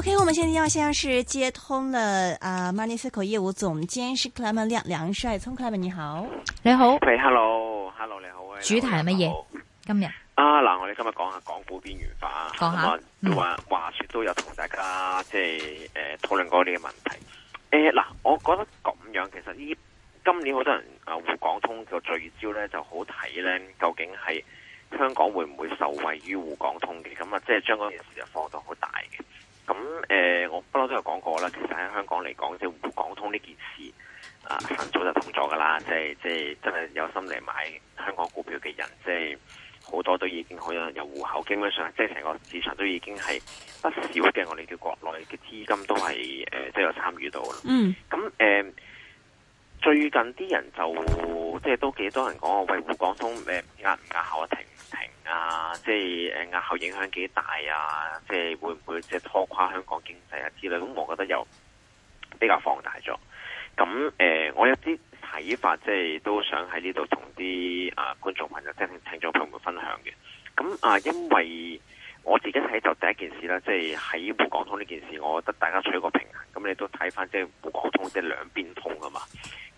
O.K.，我們現在要先樣是接通了啊，Money Circle 業務總監是 Clayman 梁梁帥聰，Clayman 你好，你好，係 Hello，Hello，你好。主題係乜嘢？今日啊嗱，我哋今日講下港股邊緣化啊，講下，話後、嗯、話說都有同大家即係誒討論過呢個問題。誒、呃、嗱，我覺得咁樣其實呢今年好多人啊滬港通嘅聚焦咧就好睇咧，究竟係香港會唔會受惠於滬港通嘅？咁啊，即係將嗰件事就放到好大。咁誒、呃、我不嬲都有講過啦。其實喺香港嚟講即係滬港通呢件事，啊，晨早就通咗噶啦。即係即係真係有心嚟買香港股票嘅人，即係好多都已經可以有戶口。基本上，即係成個市場都已經係不少嘅我哋叫國內嘅資金都係誒、呃、即係有參與到啦。嗯、mm.。咁、呃、誒最近啲人就即係都幾多人講我喂滬港通誒誒，啱唔啱口一停。啊，即係誒，壓、啊、後影響幾大啊？即係會唔會即係拖垮香港經濟啊？之類咁，我覺得又比較放大咗。咁誒、呃，我有啲睇法，即係都想喺呢度同啲啊觀眾朋友、即係聽眾朋友們分享嘅。咁啊，因為我自己睇就第一件事啦，即係喺滬港通呢件事，我覺得大家取個平衡。咁你都睇翻即係滬港通，即係兩邊通噶嘛？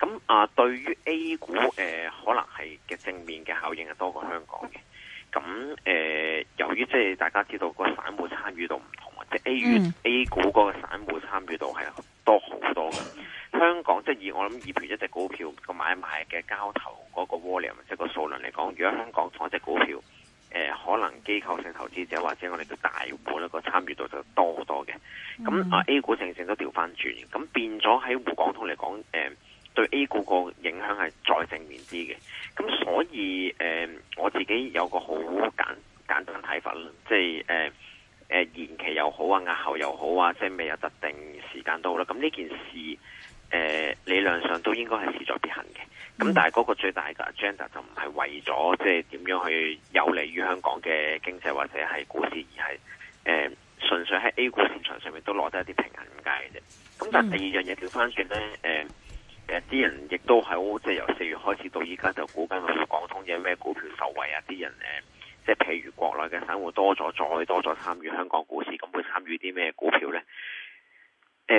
咁啊，對於 A 股誒、呃，可能係嘅正面嘅效應係多過香港嘅。咁誒、呃，由於即係大家知道個散戶參與度唔同嘅，即、就、係、是 A，嗯、A 股嗰個散戶參與度係多好多嘅。香港即係、就是、以我諗以譬如一隻股票個買賣嘅交投嗰個 volume，即係個數量嚟講，如果香港同一隻股票誒、呃，可能機構性投資者或者我哋叫大戶咧個參與度就多好多嘅。咁啊、嗯、A 股正正都調翻轉，咁變咗喺滬港通嚟講誒。呃對 A 股個影響係再正面啲嘅，咁所以誒、呃，我自己有個好簡簡單睇法，即係誒誒，延期又好啊，押後又好啊，即係未有特定時間都好啦。咁呢件事誒，理、呃、論上都應該係事在必行嘅。咁但係嗰個最大嘅 agenda 就唔係為咗即係點樣去有利於香港嘅經濟或者係股市，而係誒、呃，純粹喺 A 股市場上面都攞得一啲平衡咁解嘅啫。咁但係第二樣嘢調翻轉咧，誒、嗯。誒，啲、啊、人亦都係好，即係由四月開始到依家就估緊講通有咩股票受惠啊！啲人誒、呃，即係譬如國內嘅散戶多咗，再多咗參與香港股市，咁會參與啲咩股票咧？誒、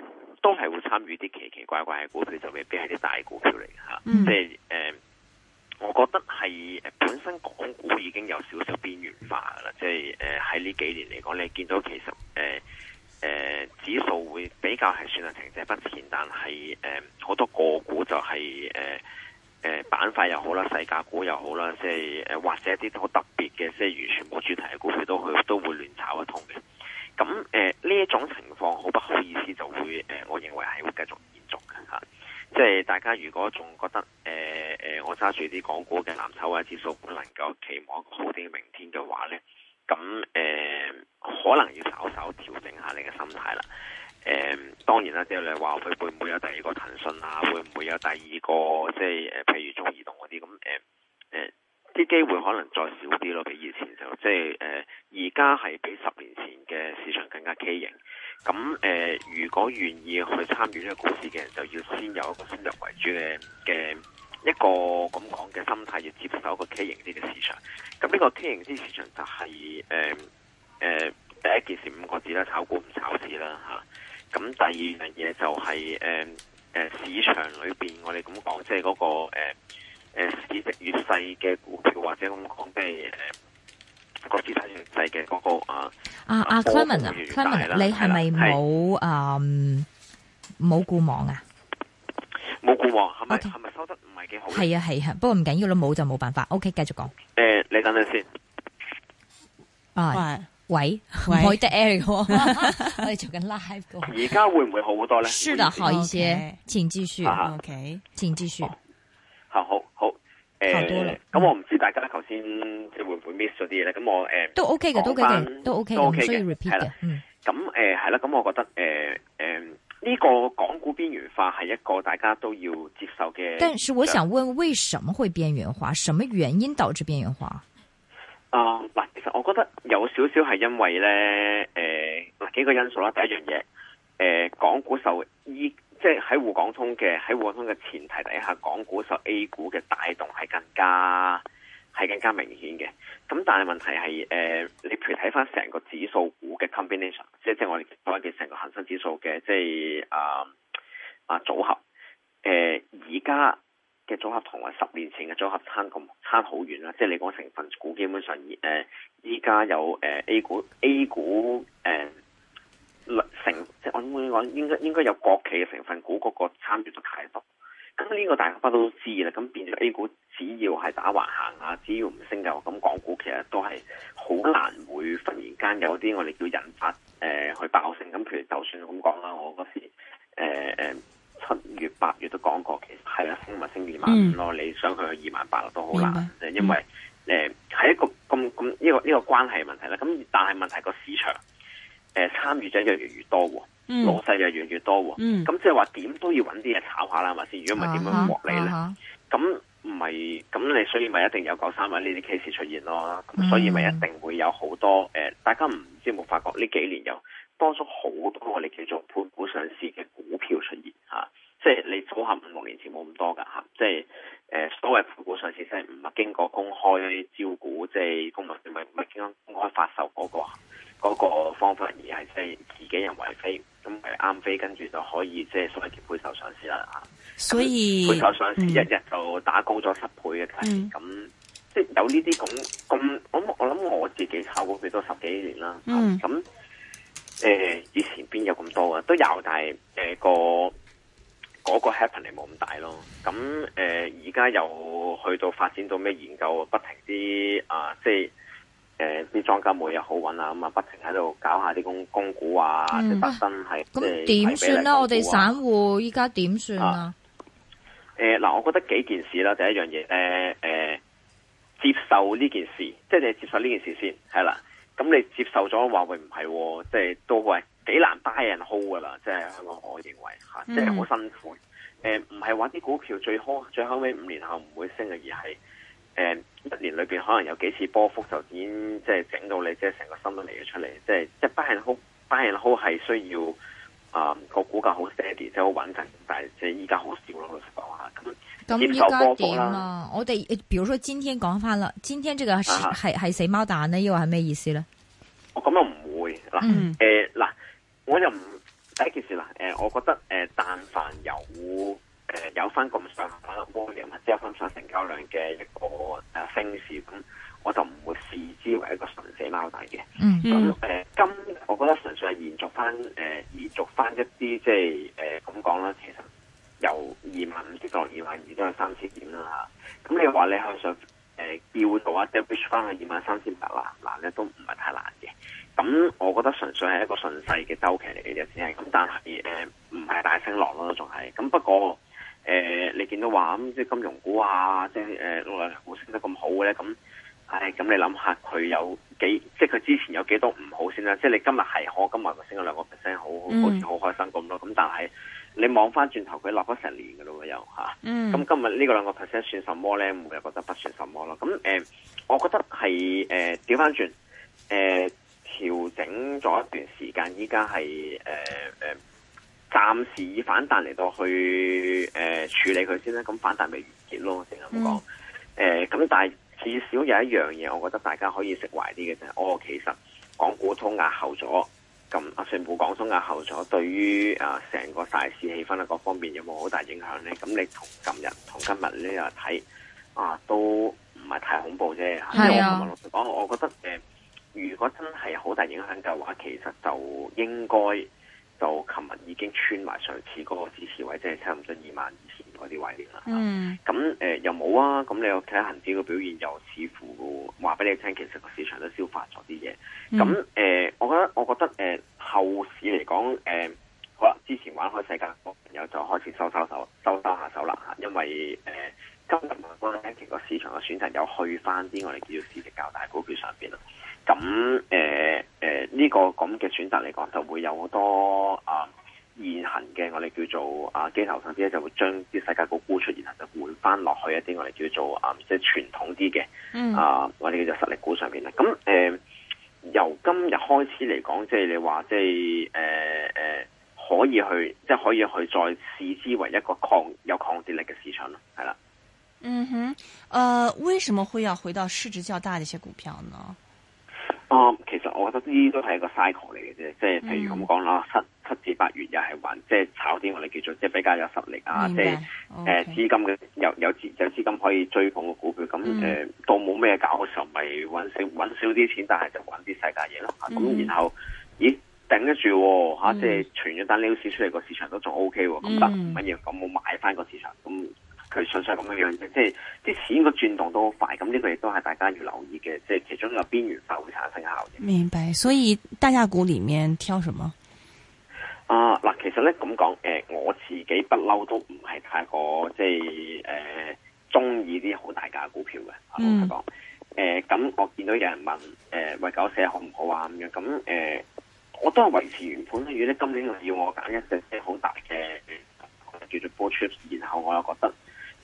呃，都係會參與啲奇奇怪怪嘅股票，就未必係啲大股票嚟嘅吓。啊 mm. 即係誒、呃，我覺得係本身港股已經有少少邊緣化噶啦，即係誒喺呢幾年嚟講，你見到其實誒。呃誒、呃，指數會比較係算係停滯不前，但係誒好多個股就係誒誒板塊又好啦，世界股又好啦，即係誒或者啲好特別嘅，即係完全冇主題嘅股票都去都會亂炒一通嘅。咁誒呢一種情況，好不好意思就會誒、呃、我認為係會繼續延續嘅吓、啊。即係大家如果仲覺得誒誒、呃、我揸住啲港股嘅藍籌或者指數能夠期望一個好啲嘅明天嘅話咧，咁誒、呃、可能要稍稍調。你嘅心態啦，誒、嗯，當然啦，即係你話佢會唔會有第二個騰訊啊，會唔會有第二個，即係誒，譬如中移動嗰啲咁，誒，誒、嗯，啲、嗯、機會可能再少啲咯，比以前就即係，誒、呃，而家係比十年前嘅市場更加畸形，咁誒、呃，如果願意去參與呢個公司嘅人，就要先有一個先入為主嘅嘅一個咁講嘅心態，要接受一個畸形啲嘅市場，咁呢個畸形啲市場就係、是，誒、呃，誒、呃。第一件事五個字啦，炒股唔炒市啦，吓，啊。咁第二樣嘢就係誒誒，市場裏邊我哋咁講，即係嗰個誒誒市值越細嘅股票，或者咁講即係誒個資產越細嘅嗰個啊。啊啊，Clayman 啊，你係咪冇誒冇固網啊？冇固網係咪係咪收得唔係幾好？係啊係啊，啊，不過唔緊要咯，冇就冇辦法。OK，繼續講。誒，啊，你等等先。係。Bye. Bye. 喂，我哋做緊 live 嘅。而家會唔會好好多咧？是啦，好一些，請繼續。OK，請繼續。吓，好好，誒，咁我唔知大家頭先即係會唔會 miss 咗啲嘢咧？咁我誒都 OK 嘅，都 OK，都 OK 嘅，係啦。咁誒係啦，咁我覺得誒誒呢個港股邊緣化係一個大家都要接受嘅。但是我想問，為什麼會邊緣化？什麼原因導致邊緣化？啊，嗱、嗯，其實我覺得有少少係因為咧，誒、呃，嗱幾個因素啦。第一樣嘢，誒、呃，港股受依、e，即係喺滬港通嘅喺滬港通嘅前提底下，港股受 A 股嘅帶動係更加係更加明顯嘅。咁但係問題係，誒、呃，你譬如睇翻成個指數股嘅 combination，即係即係我哋講嘅成個恒生指數嘅，即、就、係、是呃、啊啊組合，誒、呃，而家。嘅組合同埋十年前嘅組合差咁差好遠啦，即係你講成分股基本上，誒依家有誒、呃、A 股 A 股誒、呃、成，即係我點講應該應該有國企嘅成分股嗰，那個參與咗太多，咁呢個大家都知啦。咁變咗 A 股只要係打橫行啊，只要唔升嘅，咁港股其實都係好難會忽然間有啲我哋叫引發、誒、呃、去爆升。咁譬如就算咁講啦，我嗰時誒、呃呃七月八月都講過，其實係啦，升能升二萬五咯。你想去二萬八都好難啫，因為誒係一個咁咁呢個呢個關係問題啦。咁但係問題個市場誒參與者越嚟越多喎，老細就越嚟越多喎。咁即係話點都要揾啲嘢炒下啦，係咪先？如果唔係點樣獲利咧？咁唔係咁，你所以咪一定有九三位呢啲 case 出現咯。咁所以咪一定會有好多誒，大家唔知冇發覺呢幾年有多咗好多我哋叫做盤股上市。五六年前冇咁多噶吓，啊，即係誒、呃，所謂配股上市即係唔係經過公開招股，即係公眾唔係唔係經過公開發售嗰、那個、那個方法，而係即係自己人為飛咁係啱飛，嗯嗯嗯嗯、跟住就可以即係所謂叫配售上市啦吓。啊、所以配售上市一日就打高咗十倍嘅價，咁即係有呢啲咁咁，我我諗我自己炒股都十幾年啦，咁、嗯、誒、嗯呃、以前邊有咁多啊？都有，但係誒、呃、個。嗰個 happening 冇咁大咯，咁誒，而家又去到發展到咩研究，不停啲啊，即係誒，啲莊家妹又好搵啊，咁啊不停喺度搞下啲公公股啊，嗯、即發生即係點算咧？我哋散戶依家點算啊？誒嗱，啊呃，我覺得幾件事啦，第一樣嘢，誒、呃、誒、呃，接受呢件事，即係你接受呢件事先係啦。咁你接受咗話，會唔係？即係都會係。幾難 buy and hold 噶啦，即係香港，我認為吓，即係好辛苦。誒、嗯，唔係玩啲股票最 h 最後尾五年後唔會升嘅，而係誒一年裏邊可能有幾次波幅就已經即係整到你即係成個心都嚟咗出嚟。即係即係 buy and hold buy and hold 係需要啊個、呃、股價好 steady 即係好穩陣，但係即係依家好少咯。老實講下，咁咁依家點啊？我哋誒，比如說今天講翻啦，今天這個係係、啊、死貓蛋呢？呢個係咩意思咧？我咁又唔會嗱誒嗱。我又唔第一件事啦，誒、呃，我覺得誒、呃，但凡有誒、呃、有翻咁上，下、哦，能摸量或者有翻上成交量嘅一個誒升市，咁、啊、我就唔會視之為一個純死貓大嘅、嗯。嗯咁誒、呃，今我覺得純粹係延續翻，誒、呃，延續翻一啲即係誒，咁講啦，其實由二萬五跌到二萬二都有三千點啦。咁、啊、你話你向上誒，叫嘅話，即係 push 翻去二萬三千八啦？係一個順勢嘅周期嚟嘅啫，只係咁。但係誒，唔、呃、係大升浪咯，仲係咁。不過誒，你見到話咁啲金融股啊，即係誒，六六零股升得咁好嘅咧，咁，唉，咁你諗下佢有幾，即係佢之前有幾多唔好先啦。即係你今日係好，今日咪升咗兩個 percent，好好似好開心咁咯。咁但係你望翻轉頭，佢立咗成年噶咯又吓，咁今日呢個兩個 percent 算什麼咧？我又覺得不算什麼咯。咁、呃、誒，我覺得係誒，調翻轉誒。調整咗一段時間，依家係誒誒，暫、呃、時，以反彈嚟到去誒、呃、處理佢先啦。咁反彈咪完結咯，正咁講。誒、嗯，咁、呃、但係至少有一樣嘢，我覺得大家可以釋懷啲嘅就係，我、哦、其實港股通壓、啊、後咗，咁阿全部港股通壓、啊、後咗，對於啊成個大市氣氛啊各方面有冇好大影響咧？咁你同今日同今日呢啊睇啊，都唔係太恐怖啫。即係、啊、我同阿老實講，我覺得誒。呃如果真係好大影響嘅話，其實就應該就琴日已經穿埋上次嗰個支持位，即係差唔多二萬以前嗰啲位嚟啦。嗯，咁誒、呃、又冇啊，咁你有睇下恆指嘅表現，又似乎話俾你聽，其實個市場都消化咗啲嘢。咁誒、嗯。係誒誒，可以去即係可以去再視之為一個抗有抗跌力嘅市場咯，係啦。嗯哼，誒、呃，為什麼會要回到市值較大嘅一些股票呢？啊、嗯，其實我覺得呢都係一個 cycle 嚟嘅啫，即係譬如咁講啦，七七至八月又係還即係炒啲我哋叫做即係、就是、比較有實力啊，即係誒資金嘅有有資有資金可以追捧嘅股票，咁誒、嗯嗯嗯、到冇咩搞嘅時候，咪、就、搵、是、少少啲錢，但係就搵啲世界嘢咯。咁、嗯、然後，咦？頂得住吓，即係傳咗單 news 出嚟，個市場都仲 O K，咁得唔乜嘢？咁我、嗯、買翻個市場，咁佢順勢咁嘅樣啫。即係啲錢個轉動都好快，咁、這、呢個亦都係大家要留意嘅。即、就、係、是、其中一個邊緣化會產生效應。明白，所以大價股裏面挑什麼？啊嗱，其實咧咁講，誒、呃，我自己不嬲都唔係太過即係誒，中意啲好大價嘅股票嘅。啊、嗯。誒、啊，咁我見到有人問，誒、呃，喂九社好唔好啊？咁樣咁，誒、呃。呃我都係維持原本嘅如果今年又要我揀一隻啲好大嘅叫做 blue chips 然後我又覺得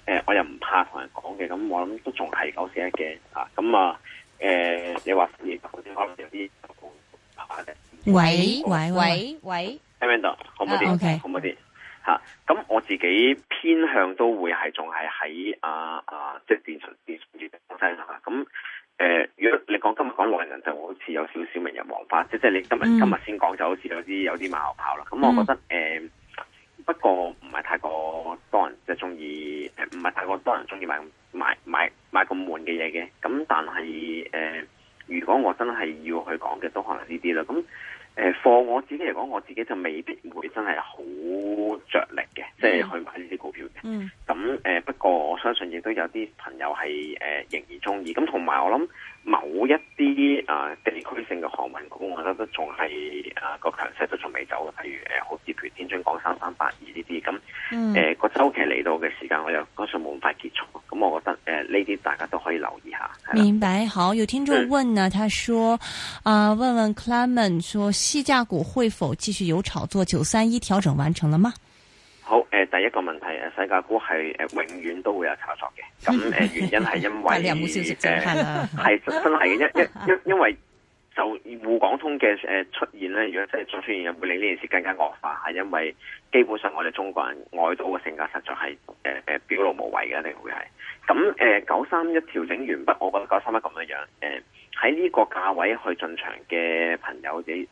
誒，我又唔怕同人講嘅。咁我諗都仲係九四一嘅嚇。咁啊誒，你話四十幾，我諗有啲好怕嘅。喂喂喂喂，Amanda，好唔好啲？好唔好啲？嚇，咁我自己偏向都會係仲係喺啊啊，即係電訊。嗯、即係你今日、嗯、今日先講，就好似有啲有啲馬後炮啦。咁、嗯嗯、我覺得誒、呃，不過唔係太過多人即係中意，唔係太過多人中意買買買買咁悶嘅嘢嘅。咁但係誒、呃，如果我真係要去講嘅，都可能呢啲啦。咁誒，貨、呃、我自己嚟講，我自己就未必會真係好着力嘅，即係、嗯、去買呢啲股票嘅。嗯嗯咁誒、嗯，不過我相信亦都有啲朋友係誒、呃、仍然中意，咁同埋我諗某一啲啊、呃、地區性嘅航運股，我覺得都仲係啊個強勢都仲未走嘅，例如誒、呃、好似譬如，天津港三三八二呢啲，咁、呃、誒、嗯呃、個周期嚟到嘅時間我又嗰陣冇咁快結束，咁、嗯、我覺得誒呢啲大家都可以留意下。明白，好有聽眾問呢、啊，他說啊、呃，問問 Clement 說，細價股會否繼續有炒作？九三一調整完成了嗎？好誒、呃，第一個問題誒，世界股係誒、呃、永遠都會有炒作嘅，咁誒、呃、原因係因為係真係一一一因為就滬港通嘅誒出現咧，如果真係再出現，會令呢件事更加惡化。係因為基本上我哋中國人愛賭嘅性格，實在係誒誒表露無遺嘅，一定會係。咁誒九三一調整完畢，我覺得九三一咁樣樣，誒喺呢個價位去進場嘅朋友，你、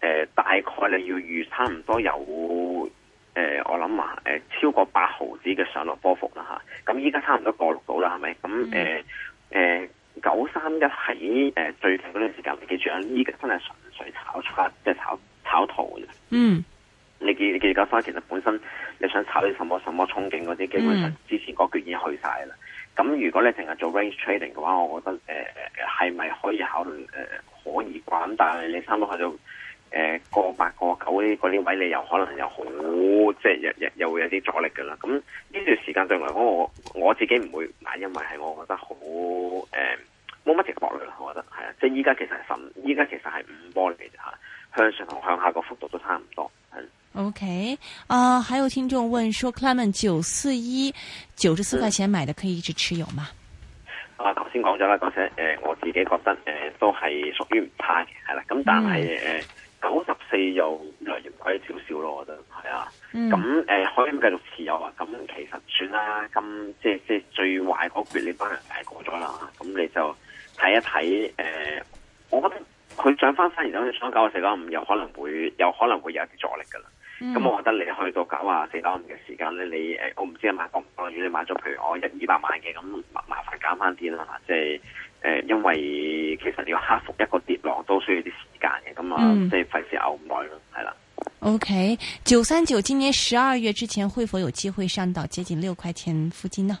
呃、誒大概你要預差唔多有。誒、呃，我諗啊，誒、呃，超過八毫子嘅上落波幅啦吓，咁依家差唔多過六度啦，係咪？咁誒誒，九三一喺誒最近嗰段時間，記住啊，呢個真係純粹炒出，即係炒炒圖嘅。嗯，你記你記九三其實本身你想炒啲什麼什麼憧憬嗰啲，基本上之前嗰橛已經去晒啦。咁、嗯、如果你淨係做 range trading 嘅話，我覺得誒誒係咪可以考慮誒、呃、可以啩？咁但係你差唔多去到。誒，過八過九呢啲嗰位，你有可能又好，即係日日又會有啲阻力噶啦。咁呢段時間對嚟講，我我自己唔會，嗱，因為係我覺得好誒，冇乜嘢壓力咯。我覺得係啊，即係依家其實係十，依家其實係五波嚟嘅啫吓，向上同向下個幅度都差唔多。係。O K，啊，okay. uh, 還有聽眾問說 Clayman 九四一九十四塊錢買的可以一直持有嗎？嗯、啊，頭先講咗啦，講咗，誒、呃，我自己覺得誒、呃、都係屬於唔差嘅，係啦、啊。咁但係誒。嗯九十四又略微貴少少咯，我覺得係啊。咁誒、嗯呃、可以繼續持有啊。咁其實算啦，咁即即，即最壞嗰月，你班人解過咗啦。咁你就睇一睇誒、呃，我覺得佢上翻翻而家想九啊四啊五，又可能會有可能會有啲阻力噶啦。咁、嗯、我覺得你去到九啊四啊五嘅時間咧，你誒我唔知買過你買多唔多，如你買咗譬如我一二百萬嘅，咁麻煩減翻啲啦，即係。誒，因為其實你要克服一個跌浪，都需要啲時間嘅，咁啊、嗯，即係費事拗咁耐咯，係啦、嗯。O K，九三九今年十二月之前會否有機會上到接近六塊錢附近呢？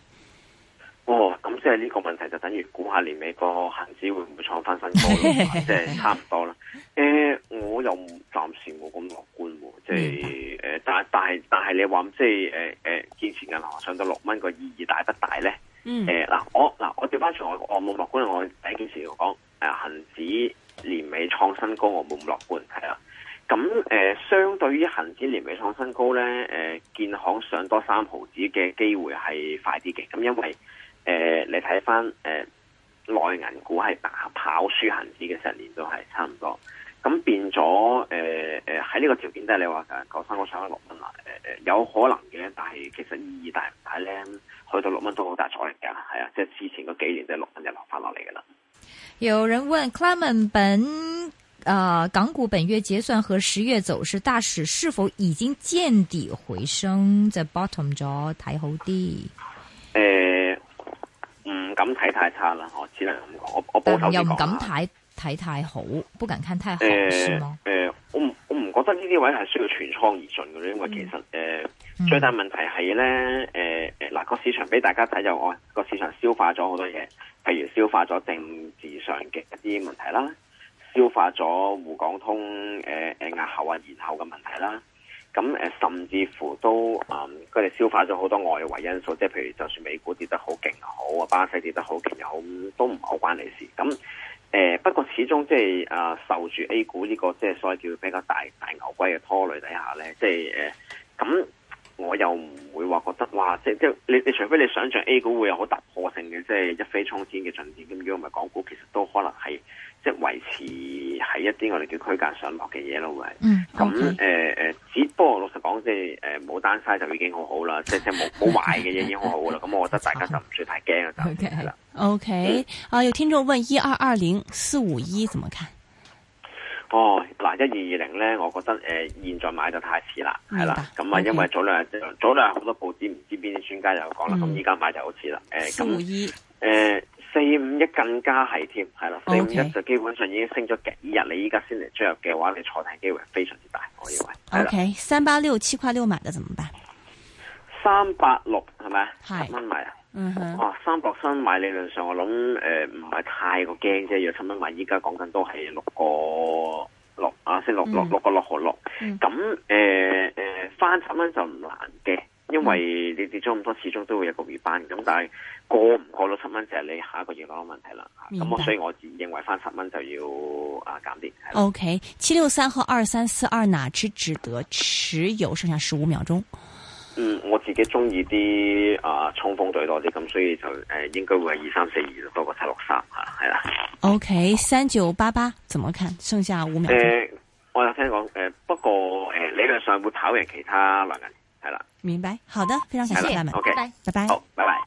哦，咁即係呢個問題就等於估下年尾個恒指會唔會創翻新高，即係 差唔多啦。誒、 呃，我又唔暫時冇咁樂觀喎，即係誒，但係但係但係你話即係誒，誒，建設銀行上到六蚊個意義大不大咧？嗯，嗱，我 嗱，我調翻轉，我我冇樂觀。我第一件事我講，誒，恒指年尾創新高，我冇咁樂觀，係啊。咁，誒，相對於恒指年尾創新高咧，誒，建行上多三毫子嘅機會係快啲嘅。咁因為，誒，你睇翻，誒，內銀股係打跑輸恒指嘅十年都係差唔多。咁變咗誒誒，喺、呃、呢、呃呢個條件底下，你話九三真，我想六蚊嚟誒誒，有可能嘅，但係其實意義大唔大咧？去到六蚊都好大阻力㗎，係啊，即係之前嗰幾年嘅六蚊就落翻落嚟㗎啦。有人問 Clement 本啊、呃，港股本月結算和十月走勢大市是否已經見底回升 The bottom 咗，睇好啲？誒，唔敢睇太差啦，我只能咁講，我我又唔敢睇睇太好，不敢看太好，誒、呃呃，我唔我唔覺得呢啲位係需要全倉而進嘅，因為其實誒、呃嗯、最大問題係咧，誒誒嗱個市場俾大家睇就我個市場消化咗好多嘢，譬如消化咗政治上嘅一啲問題啦，消化咗滬港通誒誒押後啊延後嘅問題啦，咁、呃、誒甚至乎都誒佢哋消化咗好多外圍因素，即係譬如就算美股跌得好勁又好啊，巴西跌得好勁又好，都唔好關你事咁。誒、呃，不過始終即係啊，受住 A 股呢、這個即係、就是、所謂叫比較大大牛龜嘅拖累底下咧，即係誒咁。呃我又唔會話覺得哇，即即你你除非你想象 A 股會有好突破性嘅，即一飛沖天嘅進展，咁如果唔係港股，其實都可能係即維持喺一啲我哋叫區間上落嘅嘢咯，係。嗯。咁誒誒，只不過老實講，即誒冇單晒就已經好好啦，即即冇冇買嘅嘢已經好好啦。咁我覺得大家就唔需太驚嘅就係啦。O、嗯、K。O、嗯、K。啊、嗯，有聽眾問一二二零四五一怎麼看？嗯嗯哦，嗱，一二二零咧，我覺得誒、呃，現在買就太遲啦，係啦，咁啊的，嗯、因為早兩日，Okay. 早兩日好多報紙唔知邊啲專家又講啦，咁依家買就好遲啦，誒、嗯，四五一，誒、呃，四五一更加係添，係啦，Okay. 四五一就基本上已經升咗幾日，你依家先嚟追入嘅話，你坐艇機會非常之大，我以為。OK，三八六，七塊六買的怎麼辦？三八六係咪？十蚊買啊？哇！三六三買理論上，我諗誒唔係太過驚啫，約十蚊買依家講緊都係六個六啊，先六六六個六合六。咁誒誒翻十蚊就唔難嘅，因為你跌咗咁多，始終都會有個尾班。咁但係過唔過六十蚊就係你下一個月攞個問題啦。咁我白、啊、所以我自己認為翻十蚊就要啊減啲。O K，七六三和二三四二，哪隻值得持有？剩下十五秒鐘。嗯，我自己中意啲啊衝鋒隊多啲咁，所以就誒、呃、應該會係二三四二多過七六三吓，係啦。O K 三九八八，怎麼看？剩下五秒。誒、呃，我有聽講誒、呃，不過誒、呃、理論上會跑贏其他男人，係啦。明白，好的，非常感謝、謝你們。O K，拜拜，好，拜拜。